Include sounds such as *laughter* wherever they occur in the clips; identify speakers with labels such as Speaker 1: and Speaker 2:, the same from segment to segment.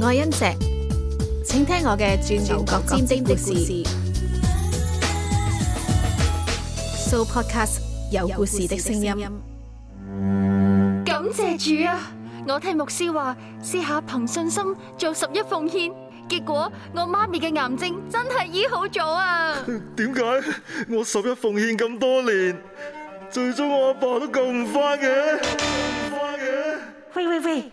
Speaker 1: 我係恩石，請聽我嘅轉轉角尖釘的故事。So Podcast 有故事的聲音。感謝主啊！
Speaker 2: 我聽牧師話，試下憑信心做十一奉獻，結果我媽咪嘅癌症真係醫好咗啊！
Speaker 3: 點解我十一奉獻咁多年，最終我阿爸都救唔返嘅？救唔返嘅？喂
Speaker 1: 喂喂！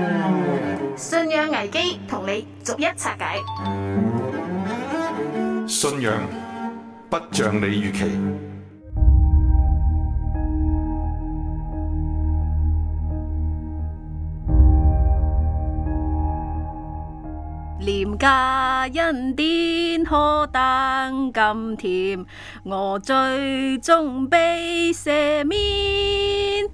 Speaker 1: 信仰危機同你逐一拆解，
Speaker 3: 信仰不像你預期，
Speaker 1: 廉價恩典可等咁甜，我最終被赦免。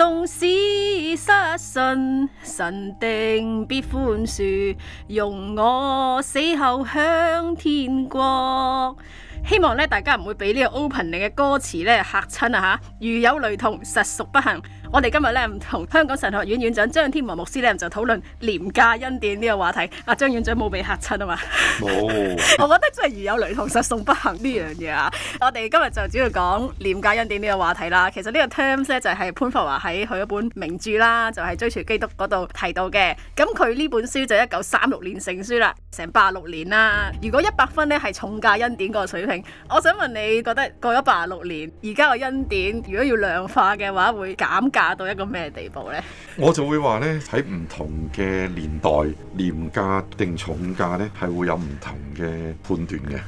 Speaker 1: 縱使失信，神定必寬恕，容我死後向天國。希望咧大家唔會俾呢個 opening 嘅歌詞咧嚇親啊吓，如有雷同，實屬不幸。我哋今日咧唔同香港神學院院長張天文牧師咧就討論廉價恩典呢個話題。阿、啊、張院長冇被嚇親啊嘛？
Speaker 4: 冇
Speaker 1: 有。 *laughs* 我覺得真係如有雷同，實送不幸呢樣嘢啊！我哋今日就主要講廉價恩典呢個話題啦。其實呢個 terms 咧就係潘霍華喺佢一本名著啦，就係、是《追隨基督》嗰度提到嘅。咁佢呢本書就一九三六年成書啦，成八六年啦。如果一百分咧係重價恩典個水平，我想問你覺得過咗八六年，而家個恩典如果要量化嘅話，會減價？價到一個咩地步咧？
Speaker 3: *laughs* 我就會話咧，喺唔同嘅年代，廉價定重價咧，係會有唔同嘅判斷嘅。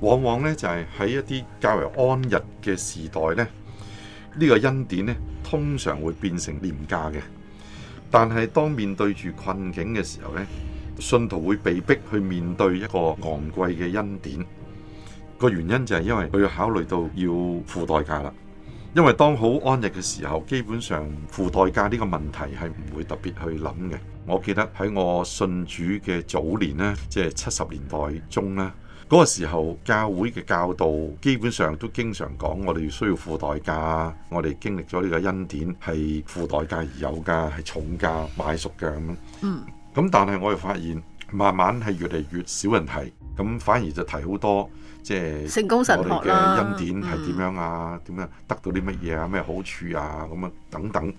Speaker 3: 往往呢，就係、是、喺一啲較為安逸嘅時代咧，這個、呢個恩典咧通常會變成廉價嘅。但係當面對住困境嘅時候呢，信徒會被逼去面對一個昂貴嘅恩典。個原因就係因為佢要考慮到要付代價啦。因為當好安逸嘅時候，基本上付代價呢個問題係唔會特別去諗嘅。我記得喺我信主嘅早年呢，即係七十年代中啦，嗰、那個時候教會嘅教導基本上都經常講，我哋需要付代價，我哋經歷咗呢個恩典係付代價而有噶，係重價買贖嘅咁樣。咁、嗯、但係我又發現，慢慢係越嚟越少人提，咁反而就提好多。即係我哋嘅恩典係點樣啊？點樣、嗯、得到啲乜嘢啊？咩好處啊？咁啊等等。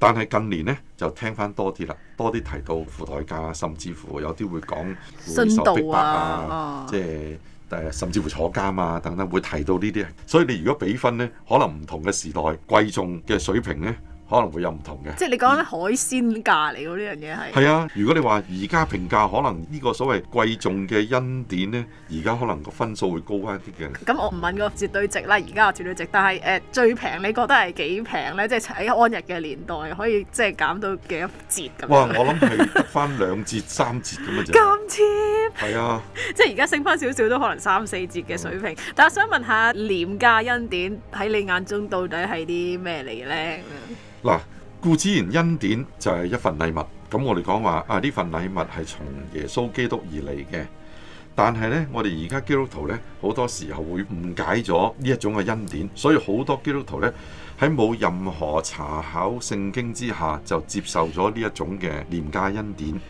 Speaker 3: 但係近年呢，就聽翻多啲啦，多啲提到付代價，甚至乎有啲會講受逼迫啊，即係、啊即係、甚至乎坐監啊等等，會提到呢啲。所以你如果比分呢，可能唔同嘅時代貴重嘅水平呢。可能會有唔同嘅，即係
Speaker 1: 你講緊海鮮價嚟嘅呢樣嘢係。係、
Speaker 3: 嗯、啊，如果你話而家評價可能呢個所謂貴重嘅恩典咧，而家可能個分數會高一啲嘅。
Speaker 1: 咁我唔問個絕對值啦，而家絕對值。但係誒、呃、最平你覺得係幾平咧？即係喺安逸嘅年代可以即係、就是、減到幾多折咁？哇！我諗係
Speaker 3: 得翻兩折 *laughs* 三折咁錢啊！減折係啊，
Speaker 1: 即係而家升翻少少都可能三四折嘅水平。嗯、但係我想問下廉價恩典喺你眼中到底係啲咩嚟咧？
Speaker 3: 嗱，固之然恩典就係一份禮物。咁我哋講話啊，呢份禮物係從耶穌基督而嚟嘅。但係呢，我哋而家基督徒呢，好多時候會誤解咗呢一種嘅恩典，所以好多基督徒呢，喺冇任何查考聖經之下就接受咗呢一種嘅廉價恩典。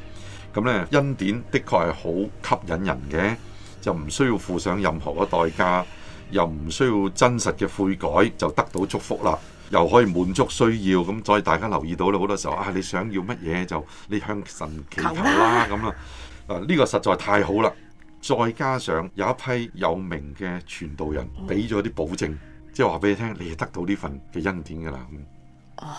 Speaker 3: 咁呢，恩典的確係好吸引人嘅，就唔需要付上任何嘅代價，又唔需要真實嘅悔改就得到祝福啦。又可以滿足需要，咁所以大家留意到咧，好多時候啊，你想要乜嘢就你向神祈求啦，咁啊，啊、這、呢個實在太好啦！再加上有一批有名嘅傳道人俾咗啲保證，嗯、即係話俾你聽，你係得到呢份嘅恩典㗎啦。咁、嗯。啊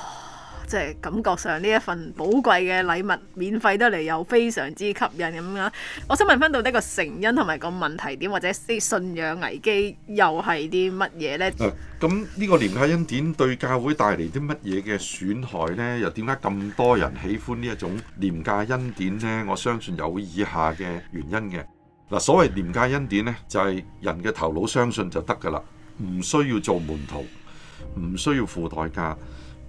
Speaker 1: 即係感覺上呢一份寶貴嘅禮物，免費得嚟又非常之吸引咁樣。我想問返到底個成因同埋個問題點，或者啲信仰危機又係啲乜嘢呢？
Speaker 3: 咁呢個廉價恩典對教會帶嚟啲乜嘢嘅損害呢？又點解咁多人喜歡呢一種廉價恩典呢？我相信有以下嘅原因嘅。嗱，所謂廉價恩典呢，就係人嘅頭腦相信就得㗎喇，唔需要做門徒，唔需要付代價，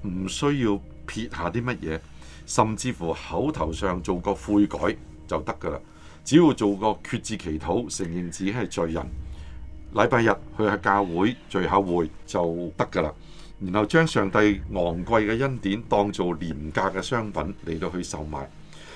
Speaker 3: 唔需要。撇下啲乜嘢，甚至乎口頭上做個悔改就得噶啦。只要做個決志祈禱，承認自己係罪人，禮拜日去下教會聚下會就得噶啦。然後將上帝昂貴嘅恩典當做廉價嘅商品嚟到去售賣。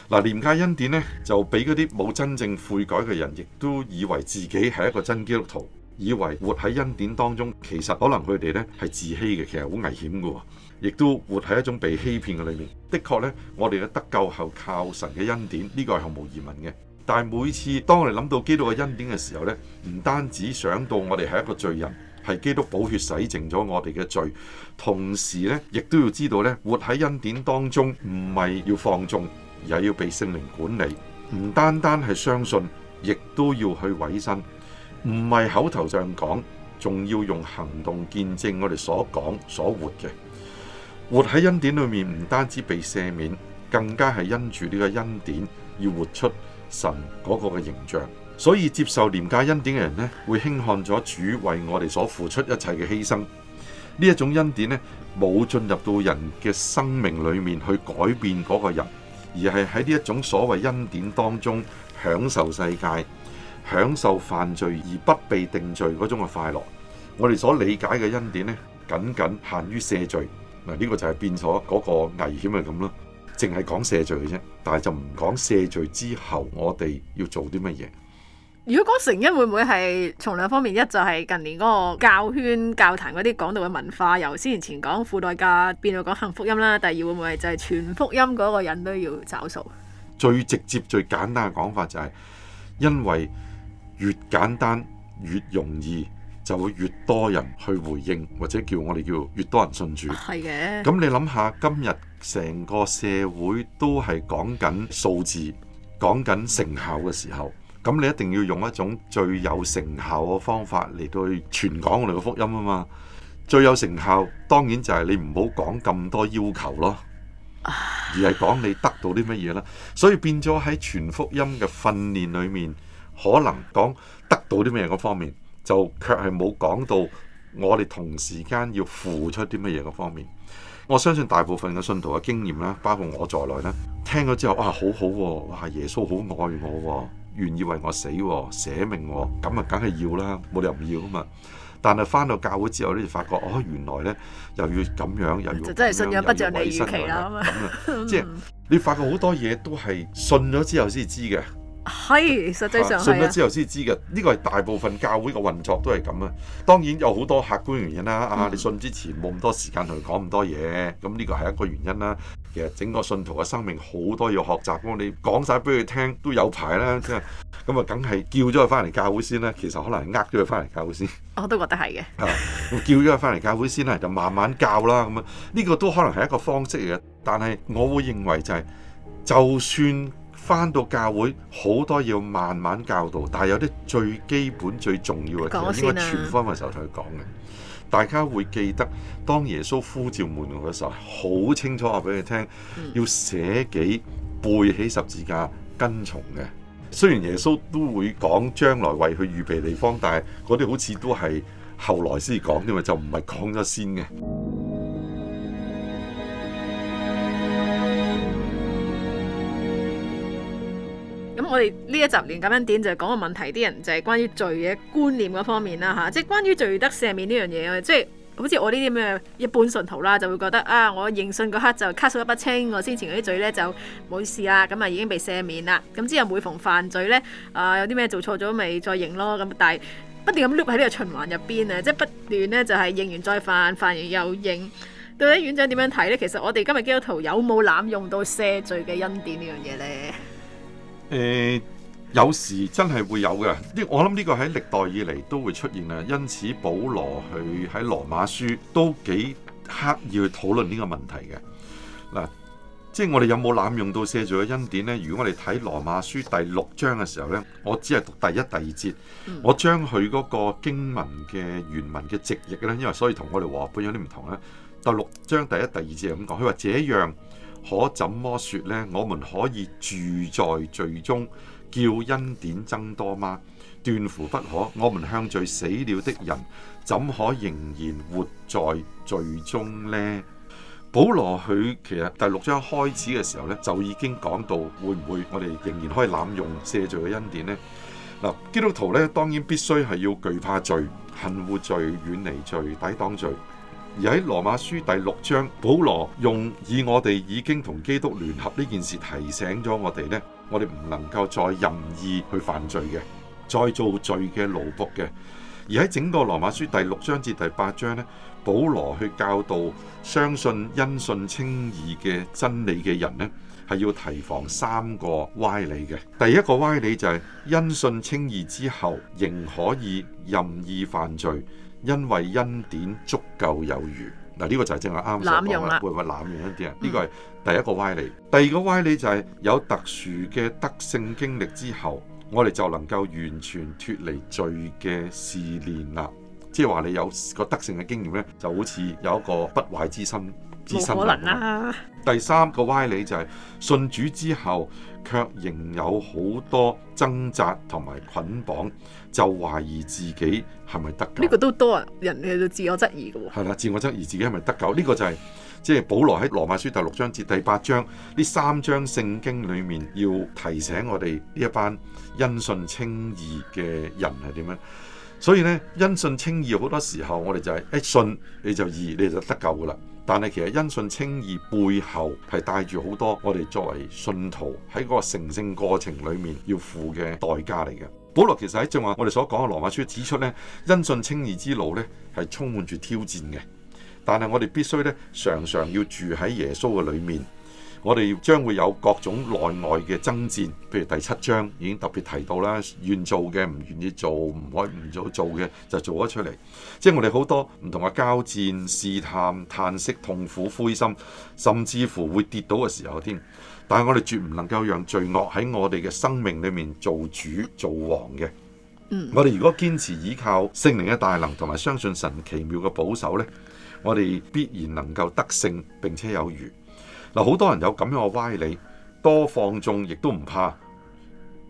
Speaker 3: 嗱，廉價恩典呢，就俾嗰啲冇真正悔改嘅人，亦都以為自己係一個真基督徒，以為活喺恩典當中，其實可能佢哋呢係自欺嘅，其實好危險噶。亦都活喺一種被欺騙嘅裏面。的確呢，我哋得救後靠神嘅恩典，呢個係毫無疑問嘅。但每次當我哋諗到基督嘅恩典嘅時候呢，唔單止想到我哋係一個罪人，係基督寶血洗淨咗我哋嘅罪，同時呢，亦都要知道呢，活喺恩典當中唔係要放縱，也要被聖靈管理。唔單單係相信，亦都要去委身，唔係口頭上講，仲要用行動見證我哋所講所活嘅。活喺恩典裏面唔單止被赦免，更加係因住呢個恩典要活出神嗰個嘅形象。所以接受廉價恩典嘅人呢，會輕看咗主為我哋所付出一切嘅犧牲。呢一種恩典呢，冇進入到人嘅生命裏面去改變嗰個人，而係喺呢一種所謂恩典當中享受世界、享受犯罪而不被定罪嗰種嘅快樂。我哋所理解嘅恩典呢，僅僅限於赦罪。嗱，呢個就係變咗嗰個危險嘅咁咯，淨係講赦罪嘅啫，但係就唔講赦罪之後我哋要做啲乜嘢。
Speaker 1: 如果講成因會唔會係從兩方面？一就係近年嗰個教圈教壇嗰啲講道嘅文化，由先前講付代價變到講幸福音啦。第二會唔會就係全福音嗰個人都要找數？
Speaker 3: 最直接、最簡單嘅講法就係，因為越簡單越容易。就會越多人去回應，或者叫我哋叫越多人信主。係嘅。咁你諗下，今日成個社會都係講緊數字，講緊成效嘅時候，咁你一定要用一種最有成效嘅方法嚟到傳講我哋嘅福音啊嘛。最有成效當然就係你唔好講咁多要求咯，而係講你得到啲乜嘢啦。所以變咗喺傳福音嘅訓練裏面，可能講得到啲咩嗰方面。就卻係冇講到我哋同時間要付出啲乜嘢個方面，我相信大部分嘅信徒嘅經驗啦，包括我在內咧，聽咗之後，啊，好好喎，哇，耶穌好愛我，啊，願意為我死，捨命，咁啊，梗係要啦，冇理由唔要啊嘛。但係返到教會之後咧，就發覺，哦，原來咧又要咁樣，又要，又要就真係信仰不盡你預期啦，咁啊，即係你發覺好多嘢都係信咗之後先知嘅。
Speaker 1: 係，實際上信咗之
Speaker 3: 後先知嘅，呢、這個係大部分教會嘅運作都係咁啊。當然有好多客觀原因啦，嗯、啊，你信之前冇咁多時間同佢講咁多嘢，咁呢個係一個原因啦。其實整個信徒嘅生命好多要學習，咁你講晒俾佢聽都有排啦。咁啊，梗係叫咗佢翻嚟教會先啦。其實可能係呃咗佢翻嚟教會先。
Speaker 1: 我都覺得係嘅、
Speaker 3: 啊。叫咗佢翻嚟教會先啦，就慢慢教啦。咁啊，呢、這個都可能係一個方式嚟嘅。但係我會認為就係、是，就算。翻到教會好多嘢要慢慢教導，但係有啲最基本最重要嘅嘢，啊、應該全方面嘅時候同佢講嘅。大家會記得，當耶穌呼召門徒嘅時候，好清楚話俾佢聽，要捨己背起十字架跟從嘅。雖然耶穌都會講將來為佢預備地方，但係嗰啲好似都係後來先講啫嘛，就唔係講咗先嘅。
Speaker 1: 咁我哋呢一集連咁樣點就講個問題，啲人就係關於罪嘅觀念嗰方面啦吓、啊，即係關於罪得赦免呢樣嘢，即係好似我呢啲咁嘅一般信徒啦，就會覺得啊，我認信嗰刻就卡數得不清，我先前嗰啲罪咧就冇事啦，咁啊已經被赦免啦，咁、啊、之後每逢犯罪咧啊，有啲咩做錯咗咪再認咯，咁但係不斷咁 loop 喺呢個循環入邊啊，即係不斷咧就係、是、認完再犯，犯完又認。到底院長點樣睇咧？其實我哋今日基督徒有冇濫用到赦罪嘅恩典呢樣嘢咧？
Speaker 3: 誒、呃，有時真係會有嘅，啲我諗呢個喺歷代以嚟都會出現啊。因此保羅佢喺羅馬書都幾刻意去討論呢個問題嘅。嗱，即係我哋有冇濫用到赦罪嘅恩典呢？如果我哋睇羅馬書第六章嘅時候呢，我只係讀第一、第二節，嗯、我將佢嗰個經文嘅原文嘅直譯咧，因為所以同我哋和合本有啲唔同咧。第六章第一、第二節係咁講，佢話這樣。可怎麼說呢？我們可以住在罪中，叫恩典增多嗎？斷乎不可！我們向罪死了的人，怎可仍然活在罪中呢？保羅佢其實第六章開始嘅時候咧，就已經講到會唔會我哋仍然可以濫用赦罪嘅恩典呢？嗱，基督徒咧當然必須係要懼怕罪、恨惡罪、遠離罪、抵擋罪。而喺羅馬書第六章，保羅用以我哋已經同基督聯合呢件事提醒咗我哋呢，我哋唔能夠再任意去犯罪嘅，再做罪嘅奴僕嘅。而喺整個羅馬書第六章至第八章呢，保羅去教導相信因信稱義嘅真理嘅人呢，係要提防三個歪理嘅。第一個歪理就係、是、因信稱義之後仍可以任意犯罪。因為恩典足夠有餘，嗱、這、呢個就係正話啱先講啦，會唔會濫用恩典？呢、嗯、個係第一個歪理。第二個歪理就係有特殊嘅得聖經歷之後，我哋就能夠完全脫離罪嘅試煉啦。即係話你有個得聖嘅經驗呢，就好似有一個不壞之心。冇可能啦、啊！第三個歪理就係信主之後，卻仍有好多掙扎同埋捆綁，就懷疑自己係咪得救？
Speaker 1: 呢個都多啊，人哋就自我質疑嘅
Speaker 3: 喎。係啦，自我質疑自己係咪得救？呢、這個就係即係保羅喺羅馬書第六章至第八章呢三章聖經裏面要提醒我哋呢一班因信稱義嘅人係點樣。所以咧，因信稱義好多時候我、就是，我哋就係一信你就義，你就得救噶啦。但係其實恩信稱義背後係帶住好多我哋作為信徒喺個成聖過程裏面要付嘅代價嚟嘅。保羅其實喺正話我哋所講嘅羅馬書指出呢，恩信稱義之路呢，係充滿住挑戰嘅。但係我哋必須呢，常常要住喺耶穌嘅裏面。我哋將會有各種內外嘅爭戰，譬如第七章已經特別提到啦，願做嘅唔願意做，唔可以唔做做嘅就做咗出嚟。即係我哋好多唔同嘅交戰、試探、嘆息、痛苦、灰心，甚至乎會跌倒嘅時候添。但係我哋絕唔能夠讓罪惡喺我哋嘅生命裏面做主做王嘅。嗯，我哋如果堅持依靠聖靈嘅大能，同埋相信神奇妙嘅保守呢，我哋必然能夠得勝並且有餘。好多人有咁樣嘅歪理，多放縱亦都唔怕，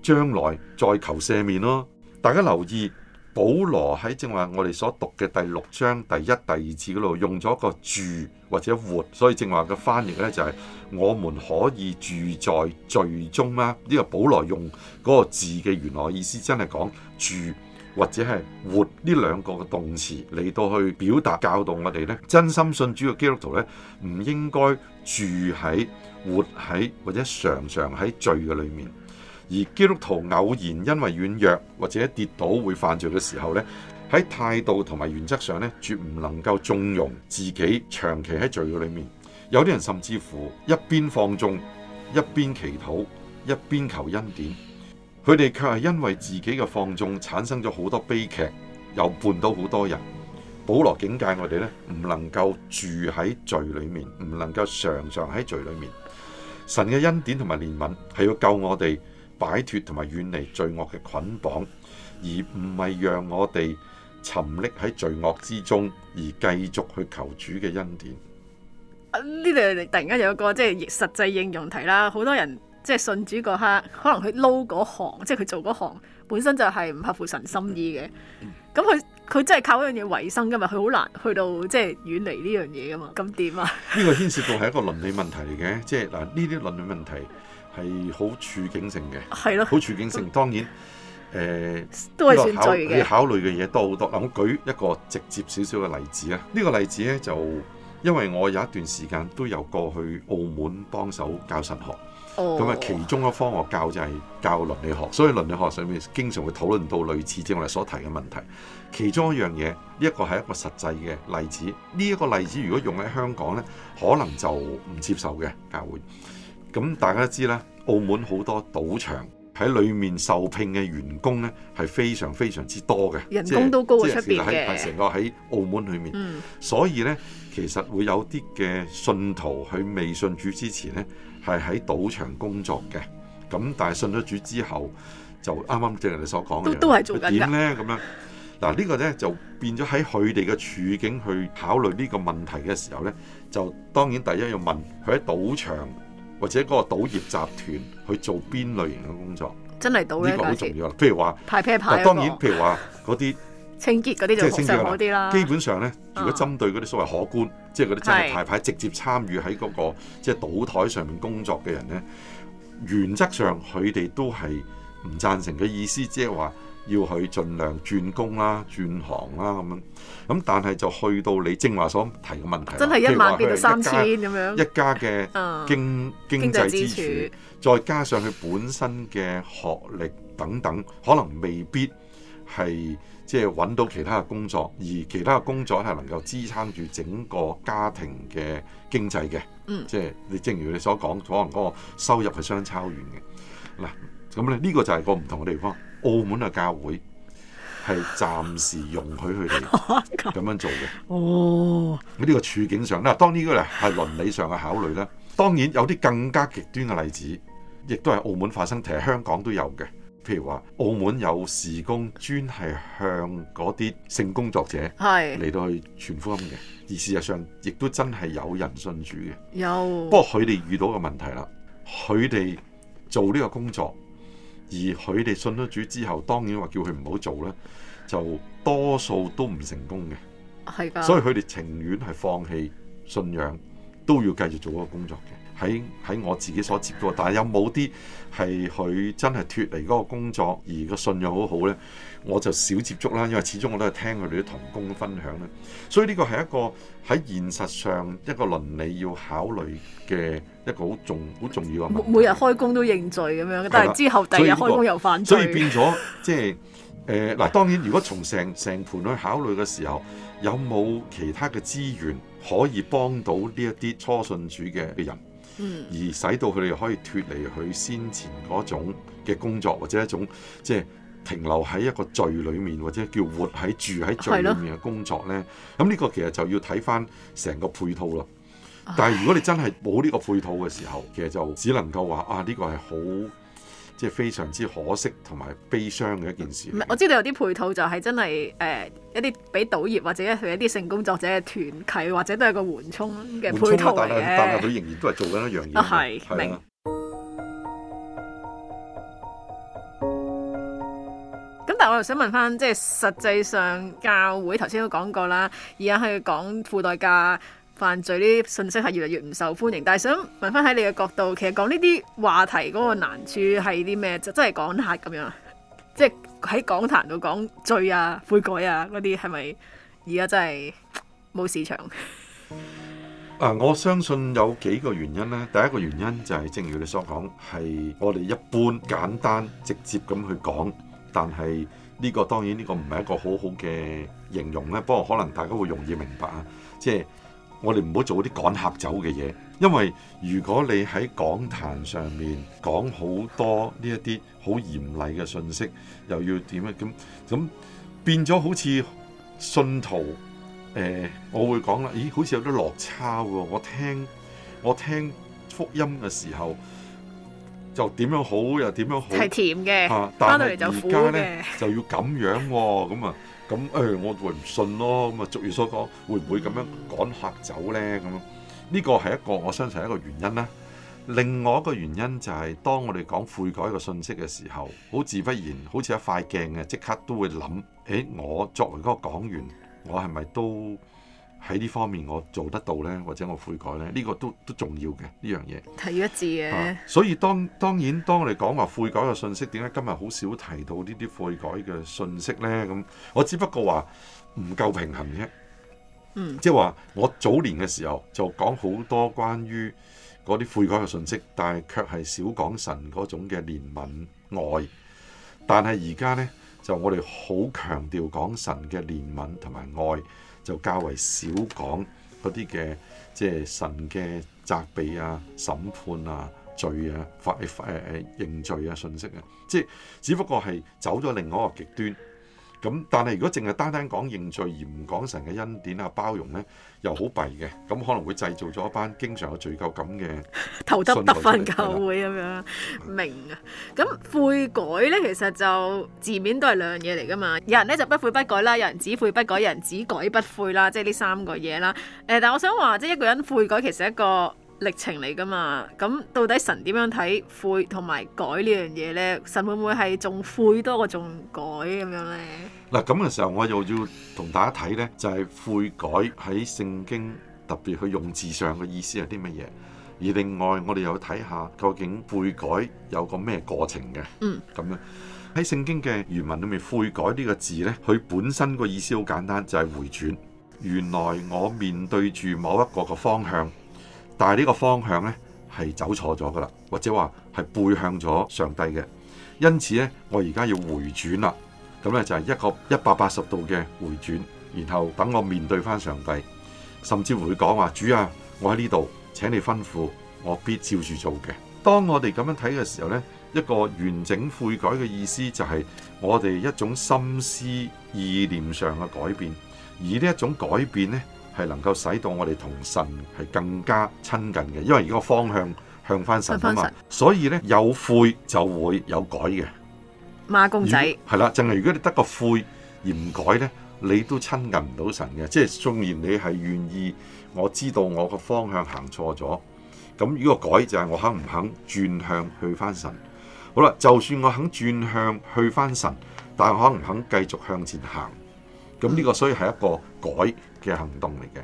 Speaker 3: 將來再求赦免咯。大家留意，保羅喺正話我哋所讀嘅第六章第一、第二節嗰度，用咗個住或者活，所以正話嘅翻譯咧就係、是、我們可以住在罪中啦。呢、這個保羅用嗰個字嘅原來意思，真係講住。或者係活呢兩個嘅動詞嚟到去表達教導我哋咧，真心信主嘅基督徒咧，唔應該住喺、活喺或者常常喺罪嘅裏面。而基督徒偶然因為軟弱或者跌倒會犯罪嘅時候咧，喺態度同埋原則上咧，絕唔能夠縱容自己長期喺罪嘅裏面。有啲人甚至乎一邊放縱，一邊祈禱，一邊求恩典。佢哋卻係因為自己嘅放縱，產生咗好多悲劇，又絆倒好多人。保羅警戒我哋咧，唔能夠住喺罪裏面，唔能夠常常喺罪裏面。神嘅恩典同埋憐憫係要救我哋擺脫同埋遠離罪惡嘅捆綁，而唔係讓我哋沉溺喺罪惡之中，而繼續去求主嘅恩典。
Speaker 1: 呢度、啊、突然間有個即係、就是、實際應用題啦，好多人。即係信主嗰刻，可能佢撈嗰行，即係佢做嗰行，本身就係唔合乎神心意嘅。咁佢佢真係靠一樣嘢為生噶嘛？佢好難去到即係遠離呢樣嘢噶嘛？咁點啊？
Speaker 3: 呢個牽涉到係一個倫理問題嚟嘅，即係嗱呢啲倫理問題係好處境性嘅，係咯的，好處境性。當然，誒、嗯，呃、都係考慮嘅，你考慮嘅嘢多好多。嗱，我舉一個直接少少嘅例子啦。呢、這個例子咧就因為我有一段時間都有過去澳門幫手教神學。咁啊，哦、其中一科我教就係教倫理學，所以倫理學上面經常會討論到類似即係我哋所提嘅問題。其中一樣嘢，一、呢個係一個實際嘅例子。呢、呢、一個例子如果用喺香港呢，可能就唔接受嘅教會。咁、嗯、大家都知啦，澳門好多賭場。喺裏面受聘嘅員工咧，係非常非常之多嘅，人工都高過出邊嘅。成個喺澳門裏面，嗯、所以咧其實會有啲嘅信徒去未信主之前咧，係喺賭場工作嘅。咁但係信咗主之後，就啱啱正如你所講嘅，都都係做緊點咧咁樣？嗱、啊這個、呢個咧就變咗喺佢哋嘅處境去考慮呢個問題嘅時候咧，就當然第一要問佢喺賭場，或者嗰個賭業集團去做邊類型嘅工作？
Speaker 1: 真係賭嘅呢個好重
Speaker 3: 要。釋譬如話，嗱當然，譬如話嗰啲
Speaker 1: 清潔嗰啲，就清潔嗰啲啦。基
Speaker 3: 本上咧，嗯、如果針對嗰啲所謂荷官，即係嗰啲真係派牌直接參與喺嗰、那個即係、就是、賭台上面工作嘅人咧，的原則上佢哋都係唔贊成嘅意思，即係話。要去盡量轉工啦、轉行啦咁樣，咁但係就去到你正話所提嘅問題，真係一萬變到三千咁樣。一家嘅經經濟支柱，再加上佢本身嘅學歷等等，可能未必係即係揾到其他嘅工作，而其他嘅工作係能夠支撐住整個家庭嘅經濟嘅。即係你正如你所講，可能嗰個收入係相差遠嘅。嗱，咁咧，呢個就係個唔同嘅地方。澳門嘅教會係暫時容許佢哋咁樣做嘅。哦，喺呢個處境上啦，當呢個係倫理上嘅考慮啦。當然有啲更加極端嘅例子，亦都係澳門發生，其實香港都有嘅。譬如話，澳門有事工專係向嗰啲性工作者係嚟到去傳福音嘅，而事實上亦都真係有人信主嘅。
Speaker 1: 有，不
Speaker 3: 過佢哋遇到嘅問題啦，佢哋做呢個工作。而佢哋信咗主之後，當然話叫佢唔好做咧，就多數都唔成功嘅。
Speaker 4: 係㗎，所以佢
Speaker 3: 哋情願係放棄信仰，都要繼續做嗰個工作嘅。喺喺我自己所接觸嘅，但係有冇啲係佢真係脫離嗰個工作而個信仰好好呢？我就少接觸啦，因為始終我都係聽佢哋啲同工分享咧。所以呢個係一個喺現實上一個倫理要考慮嘅一個好重好重要嘅
Speaker 1: 問題。每，每日開工都認罪咁樣，但係之後第二日開工又犯罪。所以，這個、所以變咗
Speaker 3: 即係誒嗱，當然如果從成成盤去考慮嘅時候，有冇其他嘅資源可以幫到呢一啲初信主嘅人？嗯、而使到佢哋可以脱離佢先前嗰種嘅工作，或者一種即係、就是、停留喺一個罪裏面，或者叫活喺住喺罪裏面嘅工作呢。咁呢是的 個其實就要睇返成個配套咯。但係如果你真係冇呢個配套嘅時候，其實就只能夠話啊呢、呢個係好。即係非常之可惜同埋悲傷嘅一件事。唔係，
Speaker 1: 我知道有啲配套就係真係誒、呃、一啲俾賭業或者係一啲性工作者嘅團契或者都係個緩衝嘅配套嘅、啊。但係佢
Speaker 3: 仍然都係做緊一樣嘢。哦、啊，明白。
Speaker 1: 咁但係我又想問翻，即係實際上教會頭先都講過啦，而家係講付代價。犯罪呢啲信息係越嚟越唔受歡迎，但係想問翻喺你嘅角度，其實講呢啲話題嗰個難處係啲咩？就真、是、係講壇咁樣，即係喺講壇度講罪啊、悔改啊嗰啲，係咪而家真係冇市場？
Speaker 3: 啊，我相信有幾個原因呢。第一個原因就係、是、正如你所講，係我哋一般簡單直接咁去講，但係呢個當然呢個唔係一個好好嘅形容咧，不過可能大家會容易明白啊，即係。我哋唔好做嗰啲趕客走嘅嘢，因為如果你喺講壇上面講好多呢一啲好嚴厲嘅信息，又要點啊？咁咁變咗好似信徒，誒、呃，我會講啦，咦，好似有啲落差喎！我聽我聽福音嘅時候，就點樣好又點樣好，係
Speaker 1: 甜嘅，翻到嚟、啊、就苦嘅、啊，
Speaker 3: 就要咁樣喎、哦，咁啊～咁誒，我會唔信咯？咁啊，俗語所講會唔會咁樣趕客走呢？咁樣呢個係一個我相信一個原因啦。另外一個原因就係當我哋講悔改個信息嘅時候，好自不然，好似一塊鏡嘅，即刻都會諗：誒，我作為嗰個講員，我係咪都？喺呢方面我做得到呢，或者我悔改呢，呢、這個都都重要嘅呢樣嘢。
Speaker 1: 係、這、要、個、一致嘅、啊。
Speaker 3: 所以當當然當我哋講話悔改嘅信息，點解今日好少提到呢啲悔改嘅信息呢？咁我只不過話唔夠平衡啫。嗯、即係話，我早年嘅時候就講好多關於嗰啲悔改嘅信息，但係卻係少講神嗰種嘅憐憫愛。但係而家呢，就我哋好強調講神嘅憐憫同埋愛。就較為少講嗰啲嘅即係神嘅責備啊、審判啊、罪啊、罰誒誒誒認罪啊信息啊，即係只不過係走咗另外一個極端。咁，但係如果淨係單單講認罪而唔講神嘅恩典啊、包容呢，又好弊嘅。咁可能會製造咗一班經常有罪疚感嘅頭級得分教
Speaker 1: 會咁樣的明啊。咁悔改呢，其實就字面都係兩樣嘢嚟噶嘛。有人呢，就不悔不改啦，有人只悔不改，有人只改不悔啦，即係呢三個嘢啦。誒，但係我想話，即係一個人悔改其實一個歷程嚟噶嘛。咁到底神點樣睇悔同埋改呢樣嘢呢？神會唔會係仲悔多過仲改咁樣呢？
Speaker 3: 嗱，咁嘅時候，我又要同大家睇呢，就係悔改喺聖經特別去用字上嘅意思係啲乜嘢？而另外，我哋又要睇下究竟悔改有個咩過程嘅？嗯，咁樣喺聖經嘅原文裏面，悔改呢個字呢，佢本身個意思好簡單，就係回轉。原來我面對住某一個個方向。但係呢個方向呢，係走錯咗㗎喇，或者話係背向咗上帝嘅，因此呢，我而家要回轉啦。咁呢，就係、是、一個一百八十度嘅回轉，然後等我面對返上帝，甚至會講話：主啊，我喺呢度，請你吩咐，我必照住做嘅。當我哋咁樣睇嘅時候呢，一個完整悔改嘅意思就係我哋一種心思意念上嘅改變，而呢一種改變呢。係能夠使到我哋同神係更加親近嘅，因為而家個方向向翻神啊嘛，所以呢，有悔就會有改嘅。
Speaker 1: 孖公仔
Speaker 3: 係啦，淨係如果你得個悔而唔改呢，你都親近唔到神嘅。即係縱然你係願意，我知道我個方向行錯咗，咁如果改就係我肯唔肯轉向去翻神。好啦，就算我肯轉向去翻神，但係我肯唔肯繼續向前行？咁呢個所以係一個改。嗯嘅行動嚟嘅。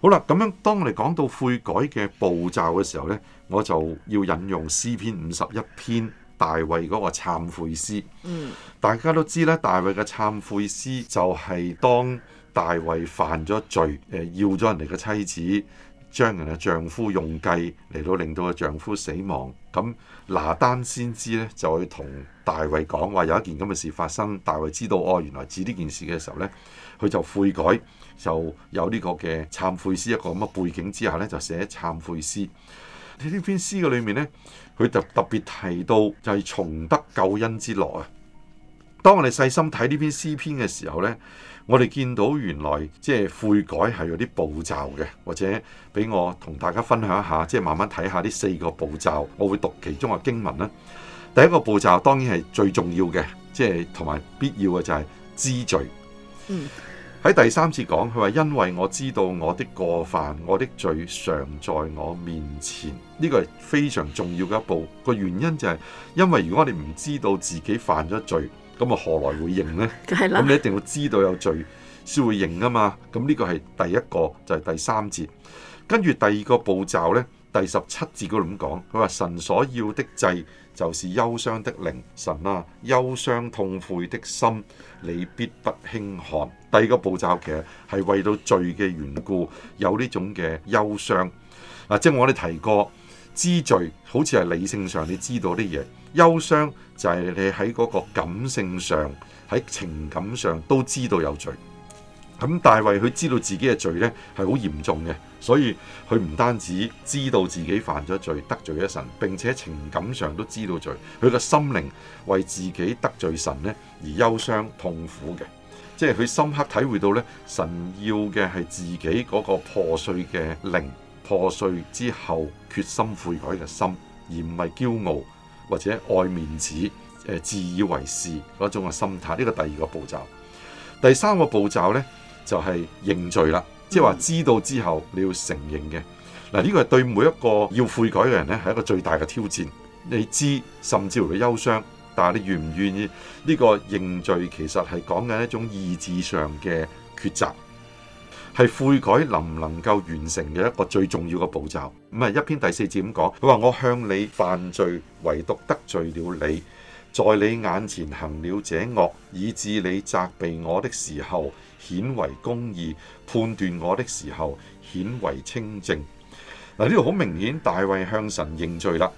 Speaker 3: 好啦，咁樣，當我講到悔改嘅步驟嘅時候呢，我就要引用詩篇五十一篇大衛嗰個懺悔詩。嗯，大家都知啦，大衛嘅懺悔詩就係當大衛犯咗罪，誒，要咗人哋嘅妻子，將人嘅丈夫用計嚟到令到個丈夫死亡。咁拿單先知呢，就去同大衛講，話有一件咁嘅事發生，大衛知道哦，原來指呢件事嘅時候呢，佢就悔改。就有呢個嘅懺悔詩，一個咁嘅背景之下呢，就寫懺悔詩。呢篇詩嘅裏面呢，佢就特別提到就係從得救恩之樂啊。當我哋細心睇呢篇詩篇嘅時候呢，我哋見到原來即係悔改係有啲步驟嘅，或者俾我同大家分享一下，即係慢慢睇下呢四個步驟。我會讀其中嘅經文啦、啊。第一個步驟當然係最重要嘅，即係同埋必要嘅就係知罪。
Speaker 4: 嗯。
Speaker 3: 喺第三節講，佢話因為我知道我的過犯，我的罪常在我面前，呢個係非常重要嘅一步。個原因就係因為如果我哋唔知道自己犯咗罪，咁啊何來會認呢？咁是你一定要知道有罪先會認啊嘛。咁呢個係第一個就係、是、第三節，跟住第二個步驟呢，第十七節嗰度咁講，佢話神所要的祭就是憂傷的靈，神啊憂傷痛悔的心，你必不輕看。第二個步驟其實係為到罪嘅緣故有呢種嘅憂傷，啊，即係我哋提過知罪，好似係理性上你知道啲嘢，憂傷就係你喺嗰個感性上，喺情感上都知道有罪。咁大衛佢知道自己嘅罪呢係好嚴重嘅，所以佢唔單止知道自己犯咗罪得罪咗神，並且情感上都知道罪，佢個心靈為自己得罪神呢，而憂傷痛苦嘅。即係佢深刻體會到咧，神要嘅係自己嗰個破碎嘅靈，破碎之後決心悔改嘅心，而唔係驕傲或者愛面子、誒自以為是嗰種嘅心態。呢個第二個步驟。第三個步驟咧就係認罪啦，即係話知道之後你要承認嘅。嗱，呢個係對每一個要悔改嘅人咧係一個最大嘅挑戰。你知甚至乎嘅憂傷。但係你願唔願意呢個認罪，其實係講緊一種意志上嘅抉擇，係悔改能唔能夠完成嘅一個最重要嘅步驟。唔係一篇第四節咁講，佢話我向你犯罪，唯獨得罪了你，在你眼前行了這惡，以致你責備我的時候顯為公義，判斷我的時候顯為清正。嗱，呢度好明顯大衛向神認罪啦。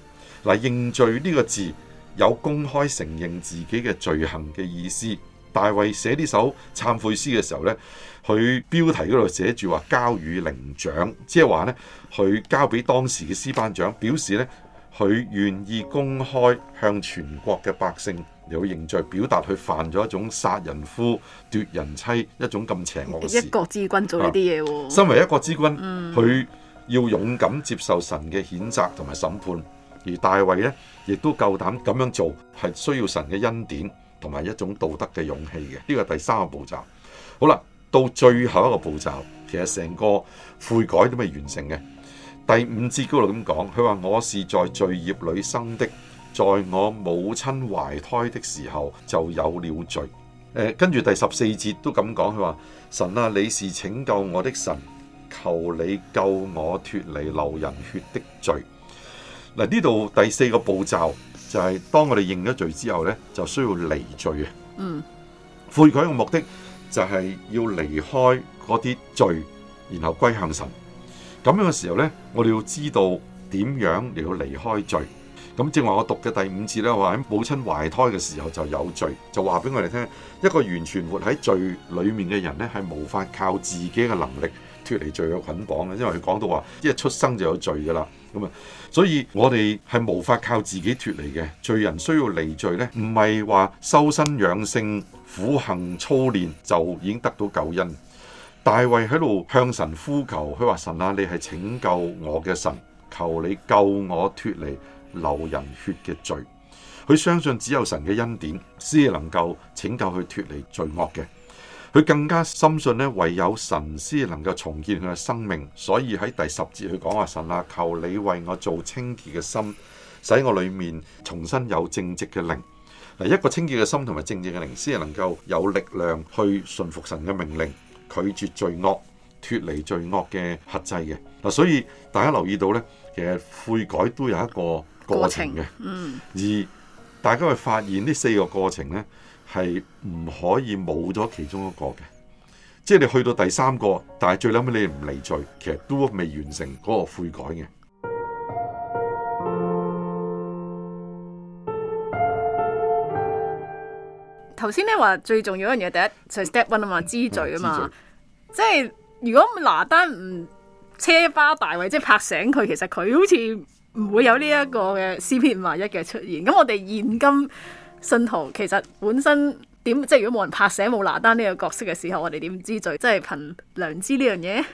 Speaker 3: 嗱，認罪呢個字有公開承認自己嘅罪行嘅意思，大衛寫呢首懺悔詩嘅時候呢，佢標題嗰度寫住話交與伶長，即係話呢，佢交俾當時嘅司班長，表示呢，佢願意公開向全國嘅百姓有認罪，表達佢犯咗一種殺人夫、奪人妻一種咁邪惡嘅事。一
Speaker 1: 國之君做呢啲嘢喎，身
Speaker 3: 為一國之君，佢要勇敢接受神嘅譴責同埋審判。而大衛呢，亦都夠膽咁樣做，係需要神嘅恩典同埋一種道德嘅勇氣嘅。呢個係第三個步驟。好啦，到最後一個步驟，其實成個悔改都未完成嘅。第五節嗰度咁講，佢話，我是在罪孽裏生的，在我母親懷胎的時候就有了罪。呃、跟住第十四節都咁講，佢話神啊，你是拯救我的神，求你救我脱離流人血的罪。嗱，呢度第四個步驟就係當我哋認咗罪之後呢就需要離罪啊！
Speaker 4: 嗯，
Speaker 3: 悔改嘅目的就係要離開嗰啲罪，然後歸向神。咁樣嘅時候呢，我哋要知道點樣嚟到離開罪。咁正話我讀嘅第五節呢，話喺母親懷胎嘅時候就有罪，就話俾我哋聽，一個完全活喺罪裡面嘅人呢，係無法靠自己嘅能力脱離罪嘅捆綁嘅，因為佢講到話，一出生就有罪㗎喇。咁啊！所以我哋係無法靠自己脫離嘅罪人，需要離罪呢，唔係話修身養性、苦行操練就已經得到救恩。大衛喺度向神呼求，佢話神啊，你係拯救我嘅神，求你救我脫離流人血嘅罪。佢相信只有神嘅恩典先能夠拯救佢脫離罪惡嘅。佢更加深信咧，唯有神先能夠重建佢嘅生命，所以喺第十節佢講話，神啊，求你為我做清潔嘅心，使我裏面重新有正直嘅靈。嗱，一個清潔嘅心同埋正直嘅靈，先係能夠有力量去順服神嘅命令，拒絕罪惡，脫離罪惡嘅轄制嘅嗱。所以大家留意到呢，其實悔改都有一個過程嘅，嗯，而大家會發現呢四個過程呢。係唔可以冇咗其中一個嘅，即係你去到第三個，但係最尾你唔理罪，其實都未完成嗰個悔改嘅。
Speaker 1: 頭先咧話最重要一樣嘢，第一就係、step one 啊嘛，知罪啊嘛，嗯、即係如果拿單唔車巴大衛，即係拍醒佢，其實佢好似唔會有呢一個嘅 CP 五十一嘅出現。咁我哋現今。信徒其實本身點，即係如果冇人拍寫冇拿單呢個角色嘅時候，我哋點知罪？即係憑良知呢樣嘢？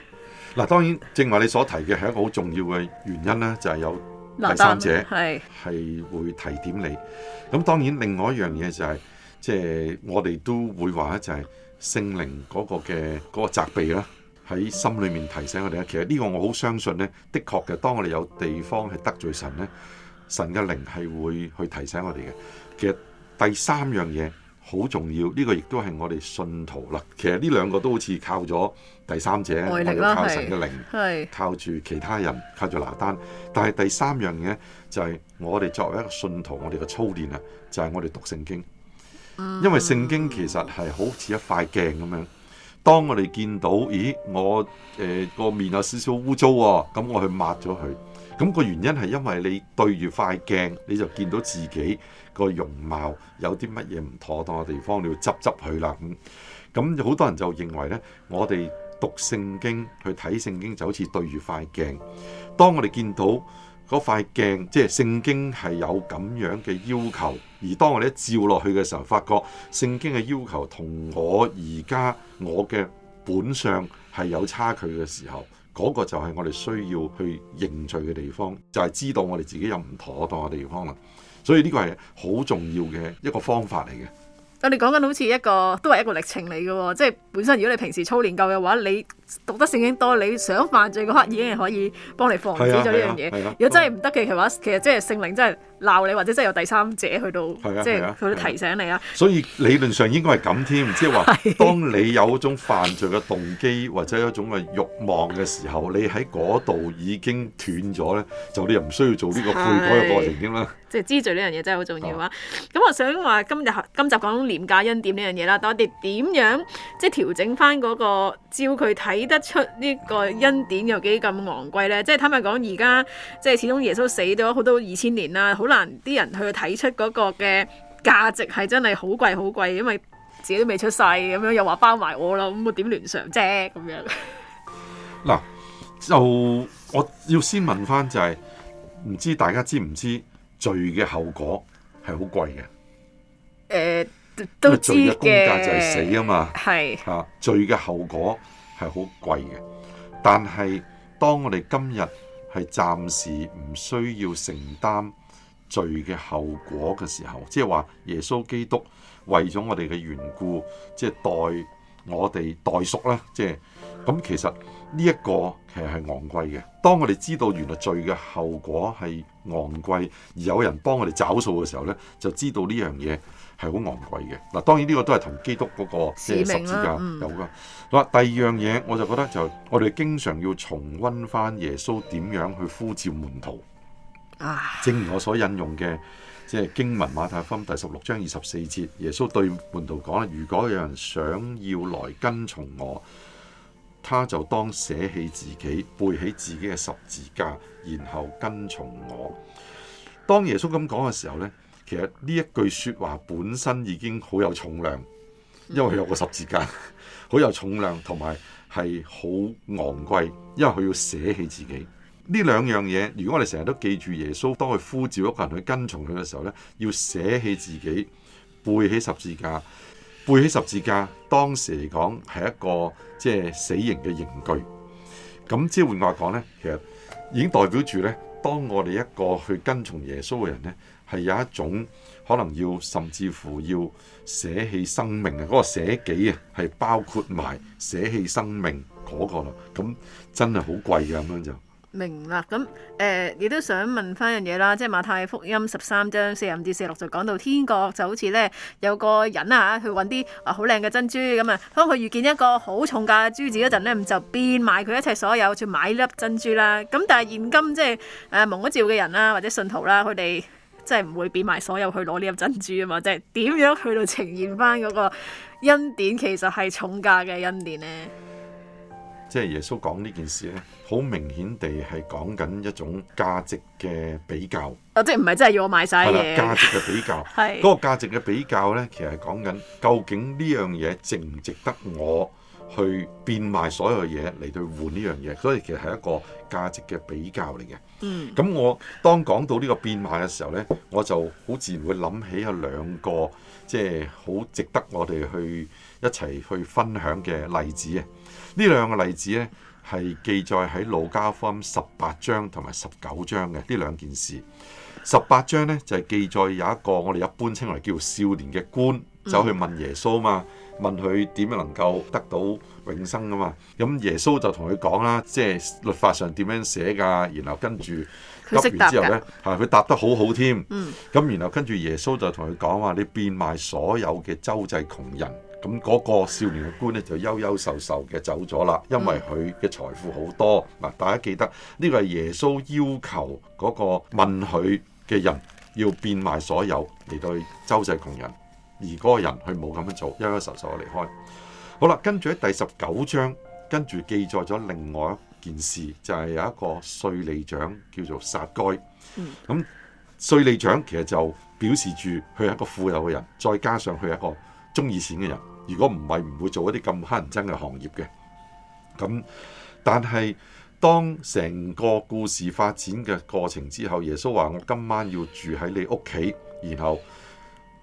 Speaker 3: 嗱，當然正話你所提嘅係一個好重要嘅原因啦，就係、是、有第三者係係會提點你。咁當然另外一樣嘢就係、是，即、就、係、是、我哋都會話咧，就係聖靈嗰個嘅嗰個責備啦，喺心裏面提醒我哋咧。其實呢個我好相信咧，的確嘅，當我哋有地方係得罪神咧，神嘅靈係會去提醒我哋嘅。其實。第三樣嘢好重要，呢、這個亦都係我哋信徒啦。其實呢兩個都好似靠咗第三者，或者靠神嘅靈，靠住其他人，靠住拿單。但係第三樣嘢就係我哋作為一個信徒，我哋嘅操練啊，就係、是、我哋讀聖經。
Speaker 4: 因為
Speaker 3: 聖經其實係好似一塊鏡咁樣，當我哋見到，咦，我誒個面有少少污糟喎，咁我去抹咗佢。咁個原因係因為你對住塊鏡，你就見到自己個容貌有啲乜嘢唔妥當嘅地方，你要執執佢啦咁。咁好多人就認為呢，我哋讀聖經去睇聖經就好似對住塊鏡。當我哋見到嗰塊鏡，即係聖經係有咁樣嘅要求，而當我哋照落去嘅時候，發覺聖經嘅要求同我而家我嘅本相係有差距嘅時候。嗰個就係我哋需要去認罪嘅地方，就係、是、知道我哋自己有唔妥當嘅地方啦。所以呢個係好重要嘅一個方法嚟嘅。
Speaker 1: 我哋講緊好似一個都係一個歷程嚟嘅喎，即係本身如果你平時操練夠嘅話，你讀得聖經多，你想犯罪嗰刻已經係可以幫你防止咗呢樣嘢。啊啊啊、如果真係唔得嘅，嘅話、啊、其實即係聖靈真係。鬧你或者真係有第三者去到，即係佢都提醒你啊，
Speaker 3: 啊，啊。所以理論上應該係咁添，即係話，當你有嗰種犯罪嘅動機 *laughs* 或者有一種嘅慾望嘅時候，你喺嗰度已經斷咗呢，就你又唔需要做呢個悔改嘅過程添啦。
Speaker 1: 即係知罪呢樣嘢真係好重要啊！咁我想話今日今集講廉價恩典呢樣嘢啦，我哋點樣即係調整翻、那、嗰個，照佢睇得出呢個恩典有幾咁昂貴呢？即、就、係、是、坦白講，而家即係始終耶穌死咗好多二千年啦，難啲人去睇出嗰個嘅價值係真係好貴好貴，因為自己都未出世咁樣，又話包埋我咯，咁我點聯想啫？咁樣
Speaker 3: 嗱，就我要先問翻就係、是，唔知大家知唔知罪嘅後果係好貴嘅？
Speaker 1: 誒、呃，都知嘅的、啊。罪嘅工價就係死啊嘛，係吓
Speaker 3: 罪嘅後果係好貴嘅。但係當我哋今日係暫時唔需要承擔。罪嘅後果嘅時候，即係話耶穌基督為咗我哋嘅緣故，即係代我哋代贖啦，即係咁其實呢一個其實係昂貴嘅。當我哋知道原來罪嘅後果係昂貴，而有人幫我哋找數嘅時候咧，就知道呢樣嘢係好昂貴嘅。嗱，當然呢個都係同基督嗰個十字架有關。啦、啊，嗯。第二樣嘢我就覺得就我哋經常要重溫翻耶穌點樣去呼召門徒。正如我所引用嘅，即係經文馬太福音第十六章二十四節，耶穌對門徒講啦：如果有人想要來跟從我，他就當捨棄自己，背起自己嘅十字架，然後跟從我。當耶穌咁講嘅時候呢，其實呢一句說話本身已經好有重量，
Speaker 1: 因為有
Speaker 3: 個十字架，好有重量，同埋係好昂貴，因為佢要捨棄自己。呢兩樣嘢，如果我哋成日都記住耶穌，當佢呼召一個人去跟從佢嘅時候呢，要捨棄自己，背起十字架。背起十字架，當時嚟講係一個即係死刑嘅刑具。咁即係換句話講呢，其實已經代表住呢，當我哋一個去跟從耶穌嘅人呢，係有一種可能要甚至乎要捨棄生命啊。嗰個捨己啊，係包括埋捨棄生命嗰個啦。咁真係好貴㗎，咁樣就。
Speaker 1: 明啦，咁誒，你、呃、都想問翻樣嘢啦，即係馬太福音十三章四十五至四十六就講到天國就好似咧有個人啊，去揾啲啊好靚嘅珍珠咁啊，當佢遇見一個好重價嘅珠子嗰陣咧，就變賣佢一切所有去買粒珍珠啦。咁但係現今即係誒蒙光照嘅人啦，或者信徒啦，佢哋即係唔會變埋所有去攞呢粒珍珠啊嘛，即係點樣去到呈現翻嗰個恩典其實係重價嘅恩典呢？
Speaker 3: 即係耶穌講呢件事咧，好明顯地係講緊一種價值嘅比較。
Speaker 1: 哦，即係唔係真係要我賣晒嘢。係啦，價
Speaker 3: 值嘅比較，係嗰 *laughs* 的個價值嘅比較咧，其實係講緊究竟呢樣嘢值唔值得我去變賣所有嘢嚟到換呢樣嘢。所以其實係一個價值嘅比較嚟嘅。嗯。咁我當講到呢個變賣嘅時候咧，我就好自然會諗起有兩個，即係好值得我哋去。一齊去分享嘅例子啊！呢兩個例子咧係記載喺《路加福音》十八章同埋十九章嘅呢兩件事。十八章呢就係記載有一個我哋一般稱為叫少年嘅官走去問耶穌啊嘛，問佢點樣能夠得到永生啊嘛。咁耶穌就同佢講啦，即係律法上點樣寫㗎？然後跟住答完之後呢，係佢答得好好添。咁然後跟住耶穌就同佢講話：你變賣所有嘅周濟窮人。咁嗰個少年嘅官咧就憂憂愁愁嘅走咗啦，因為佢嘅財富好多。嗱，大家記得呢個係耶穌要求嗰個問佢嘅人要變賣所有嚟對周濟窮人，而嗰個人佢冇咁樣做，憂憂愁愁嘅離開。好啦，跟住喺第十九章，跟住記載咗另外一件事，就係有一個稅吏長叫做撒該。咁稅吏長其實就表示住佢係一個富有嘅人，再加上佢係一個鍾意錢嘅人。如果唔係，唔會做一啲咁乞人憎嘅行業嘅。咁，但係當成個故事發展嘅過程之後，耶穌話：我今晚要住喺你屋企。然後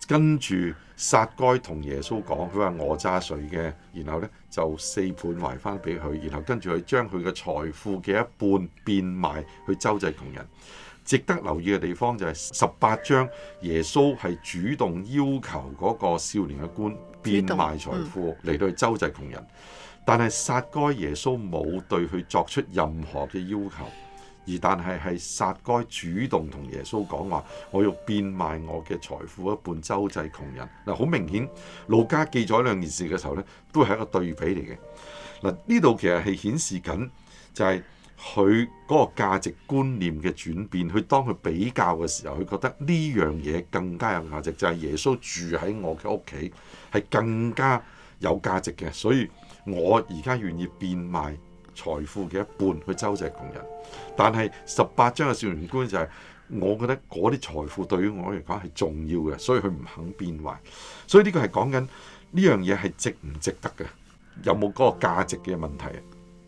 Speaker 3: 跟住撒該同耶穌講，佢話我揸水嘅。然後呢，就四倍還返俾佢。然後跟住佢將佢嘅財富嘅一半變賣去周濟窮人。值得留意嘅地方就係十八章，耶穌係主動要求嗰個少年嘅官變賣財富嚟到去周濟窮人，但係撒該耶穌冇對佢作出任何嘅要求，而但係係撒該主動同耶穌講話，我要變賣我嘅財富一半周濟窮人。嗱，好明顯，路加記載兩件事嘅時候呢，都係一個對比嚟嘅。嗱，呢度其實係顯示緊就係、是。佢嗰個價值觀念嘅轉變，佢當佢比較嘅時候，佢覺得呢樣嘢更加有價值，就係、是、耶穌住喺我嘅屋企係更加有價值嘅，所以我而家願意變賣財富嘅一半去周濟窮人。但係十八章嘅《少年觀》就係、是，我覺得嗰啲財富對於我嚟講係重要嘅，所以佢唔肯變賣。所以呢個係講緊呢樣嘢係值唔值得嘅，有冇嗰個價值嘅問題啊？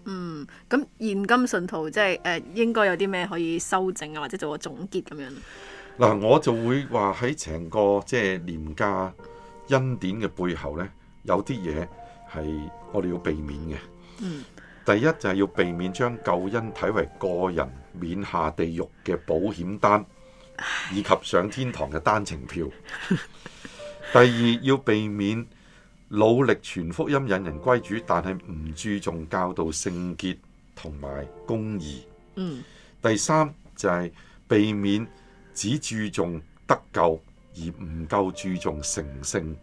Speaker 1: 嗯，咁現今信徒即係誒，應該有啲咩可以修正啊，或者做個總結咁樣。
Speaker 3: 嗱、啊，我就會話喺成個即係、就是、廉價恩典嘅背後呢，有啲嘢係我哋要避免嘅。嗯、第一就係要避免將救恩睇為個人免下地獄嘅保險單，以及上天堂嘅單程票。 *laughs* 第二要避免。努力傳福音引人歸主，但係唔注重教導聖潔同埋公義。嗯，第三就係避免只注重得救而唔夠注重成聖。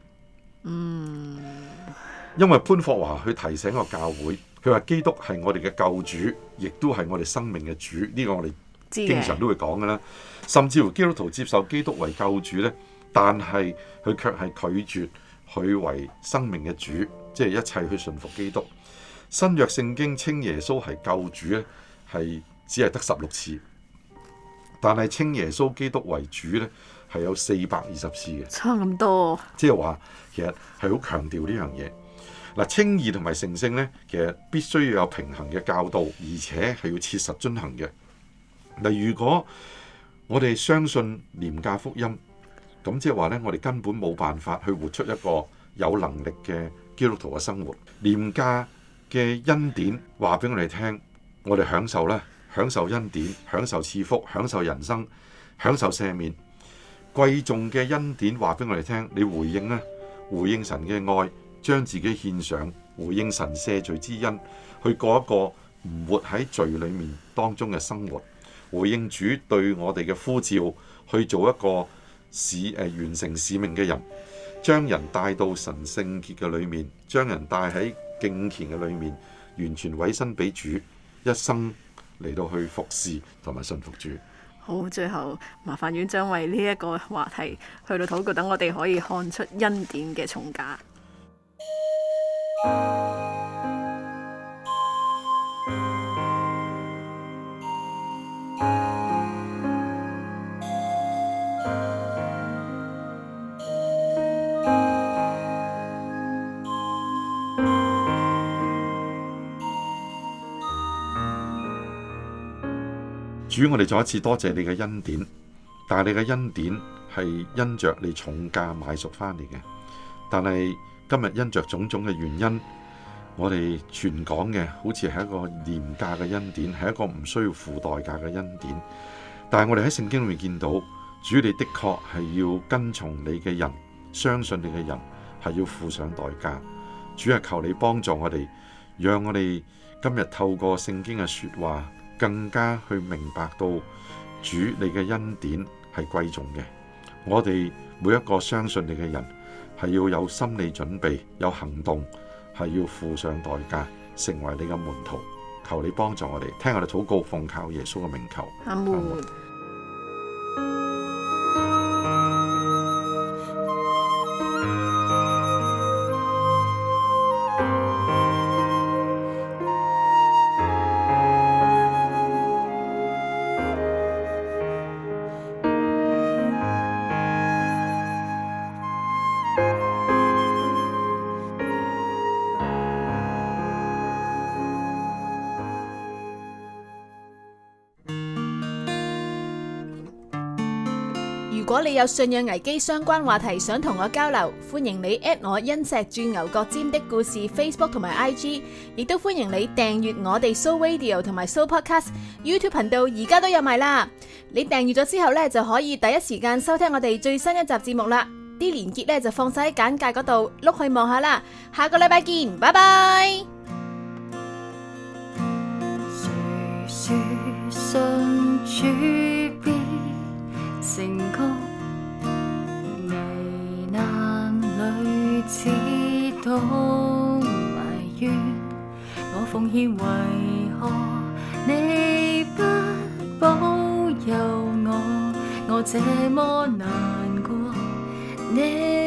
Speaker 3: 嗯，因為潘霍華去提醒個教會，佢話基督係我哋嘅救主，亦都係我哋生命嘅主。呢個我哋經常都會講噶啦。甚至乎基督徒接受基督為救主呢，但係佢卻係拒絕。去為生命嘅主，即係一切去順服基督。新約聖經稱耶穌係救主咧，係只係得十六次，但係稱耶穌基督為主咧，係有四百二十次嘅，差咁多。即係話，其實係好強調呢樣嘢。嗱，稱義同埋成聖咧，其實必須要有平衡嘅教導，而且係要切實遵行嘅。嗱，如果我哋相信廉價福音。咁即係話呢，我哋根本冇辦法去活出一個有能力嘅基督徒嘅生活。廉價嘅恩典話俾我哋聽，我哋享受呢，享受恩典，享受賜福，享受人生，享受赦免。貴重嘅恩典話俾我哋聽，你回應呢，回應神嘅愛，將自己獻上，回應神赦罪之恩，去過一個唔活喺罪裏面當中嘅生活，回應主對我哋嘅呼召，去做一個。使誒，完成使命嘅人，將人帶到神聖潔嘅裏面，將人帶喺敬虔嘅裏面，完全委身俾主，一生嚟到去服侍同埋信服主。
Speaker 1: 好，最後，麻煩院長為呢一個話題去到討論，等我哋可以看出恩典嘅重價。嗯
Speaker 3: 主，我哋再一次多謝你嘅恩典，但係你嘅恩典係因着你重價買贖翻嚟嘅。但係今日因着種種嘅原因，我哋傳講嘅好似係一個廉價嘅恩典，係一個唔需要付代價嘅恩典。但係我哋喺聖經裏面見到，主你的確係要跟從你嘅人，相信你嘅人係要付上代價。主啊，求你幫助我哋，讓我哋今日透過聖經嘅說話。更加去明白到主你嘅恩典係貴重嘅，我哋每一個相信你嘅人係要有心理準備，有行動，係要付上代價，成為你嘅門徒。求你幫助我哋，聽我哋禱告，奉靠耶穌嘅名求。
Speaker 4: 阿門。
Speaker 1: 有信仰危機相關話題想同我交流，歡迎你 at 我因石鑽牛角尖的故事 *music* Facebook 同埋 IG，亦都歡迎你訂閱我哋 Show Radio 同埋 Show Podcast YouTube 頻道，而家都有埋啦。你訂閱咗之後呢，就可以第一時間收聽我哋最新一集節目啦。啲連結呢，就放晒喺簡介嗰度，碌去望下啦。下個禮拜見，拜拜。
Speaker 2: 只懂埋怨，我奉獻為何你不保佑我？我這麼難過，你。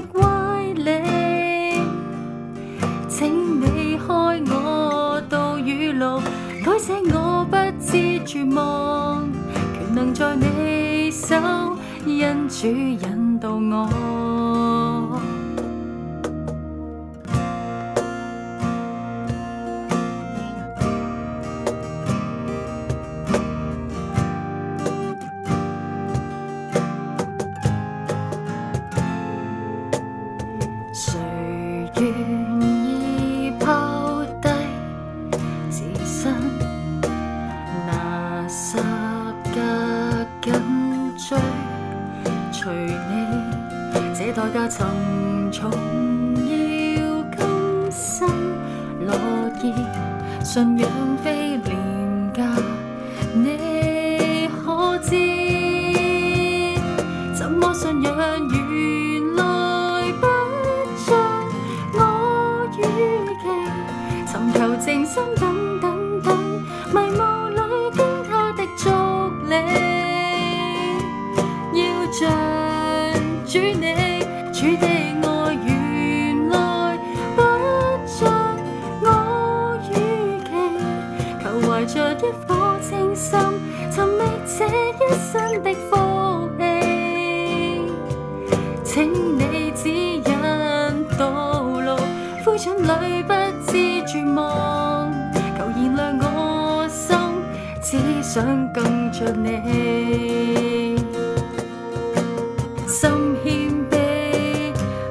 Speaker 2: 全能在你手，因主引導我。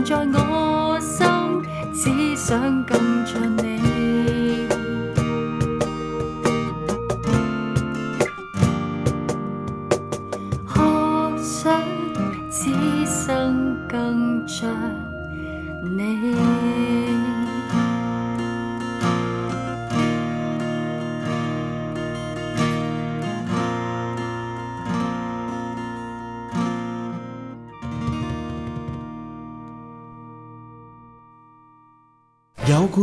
Speaker 2: 常在我心，只想。